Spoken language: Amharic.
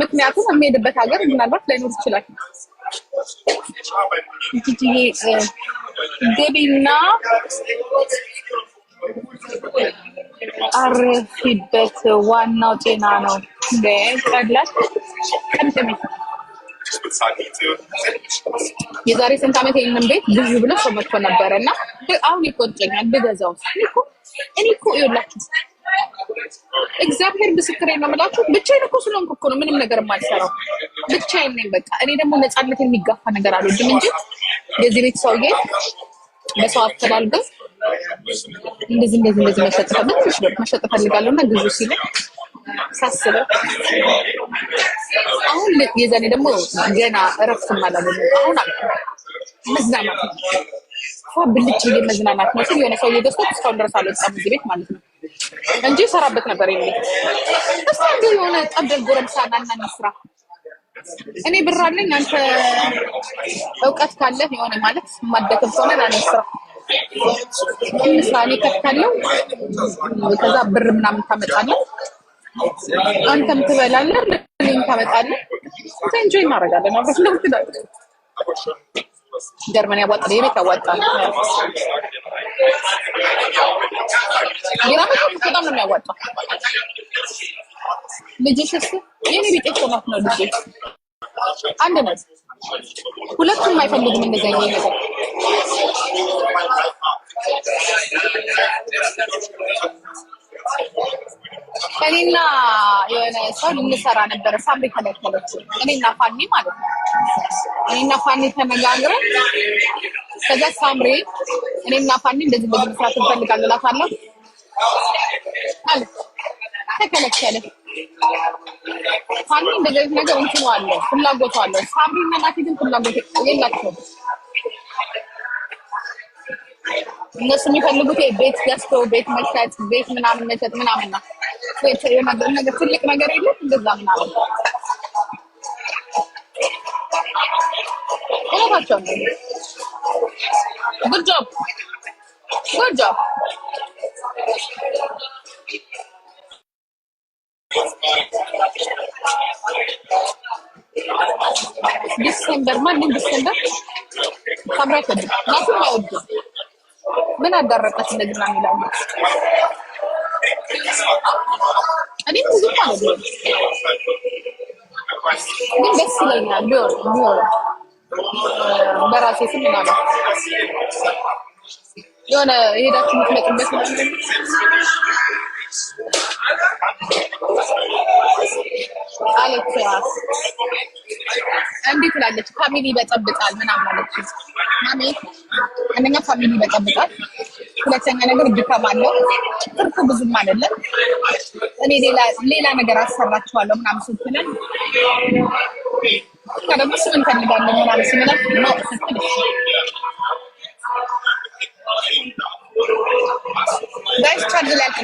ምክንያቱም የሚሄድበት ሀገር ምናልባት ላይኖር ይችላል። ገቢና አርፊበት ዋናው ጤና ነው። ቀላል ቀምጥሜ የዛሬ ስንት ዓመት ይህንን ቤት ብዙ ብሎ ሰው መጥቶ ነበረ እና አሁን ይቆጨኛል ብገዛው እኔ እኮ ይላችሁ እግዚአብሔር ምስክሬ ነው የምላችሁ። ብቻዬን እኮ ስለሆንኩ እኮ ነው ምንም ነገር የማልሰራው ብቻዬን ነኝ። በቃ እኔ ደግሞ ነፃነት የሚጋፋ ነገር አልወድም እንጂ የዚህ ቤት ሰውዬ በሰው አፈላልገው እንደዚህ እንደዚህ እንደዚህ መሸጥ ፈልግ መሸጥ ፈልጋለሁ እና ግዙ ሲለ ሳስበው አሁን የዛኔ ደግሞ ገና እረፍት ነው። አሁን አልኩ መዝናናት ነው ብልጭ ብዬ መዝናናት ነው ስል የሆነ ሰውዬ ገዝቶት እስካሁን ድረስ አልወጣም እዚህ ቤት ማለት ነው። እንጂ ሰራበት ነበር። የሚ እስቲ እንዲ የሆነ ጠብደል ጎረምሳ ናና ስራ እኔ ብር አለኝ አንተ እውቀት ካለ የሆነ ማለት ማደክም ከሆነ ና ስራ እንስራ። እኔ ከፍታለሁ፣ ከዛ ብር ምናምን ታመጣለህ፣ አንተም ትበላለህ፣ እኔም ታመጣለህ። ኢንጆይ እናደርጋለን አብረን ነው ትላለህ። ጀርመን ያዋጣል፣ የቤት ያዋጣል። አንድ ነው። ሁለቱም እንደዚህ አይነት ነገር። እኔና የሆነ ሰው ነበረ። ሳምሪ ከለከለች። እኔና ፋኒ ማለት ነው። እኔና ፋኒ ተነጋግረን ከዛ ሳምሪ እኔና ፋኒ እንደዚህ በዚህ ሰዓት እንፈልጋለን እላታለሁ ተከለከለ። ፋኒ እንደዚህ ነገር እንትኑ አለው ፍላጎቱ አለው። ሳምሪ መላክ ግን ፍላጎት የላቸውም። እነሱ የሚፈልጉት ቤት ገዝቶ ቤት መሸጥ፣ ቤት ምናምን መሸጥ ምናምን ነው። ነገር ትልቅ ነገር የለም እንደዛ ምናምን እውነታቸው ነው። ጉድ ጆብ ጉድ ጆብ ዲስቴምበር ማንም ዲስቴምበር ሰምራ አይወድም፣ ናቱም አይወድም። ምን አዳረቀት እንደግና ሚላለ እኔም ብዙም አይደለም፣ ግን ደስ ይለኛል ቢሆን ቢሆን በራሴ ስም ምናለ የሆነ ሄዳችሁ የምትመጡበት አለች። እንዲህ ትላለች? ፋሚሊ ይበጠብጣል ምናምን አለች። ማሜ አንደኛ ፋሚሊ ይበጠብጣል፣ ሁለተኛ ነገር ድካም አለው፣ ትርፉ ብዙም አይደለም። እኔ ሌላ ሌላ ነገር አሰራችኋለሁ ምናምን ስትለን ደግሞ ስም እንፈልጋለን ምናምን ስንላት ಚಾರ್ಜ್ ಇಲ್ಲ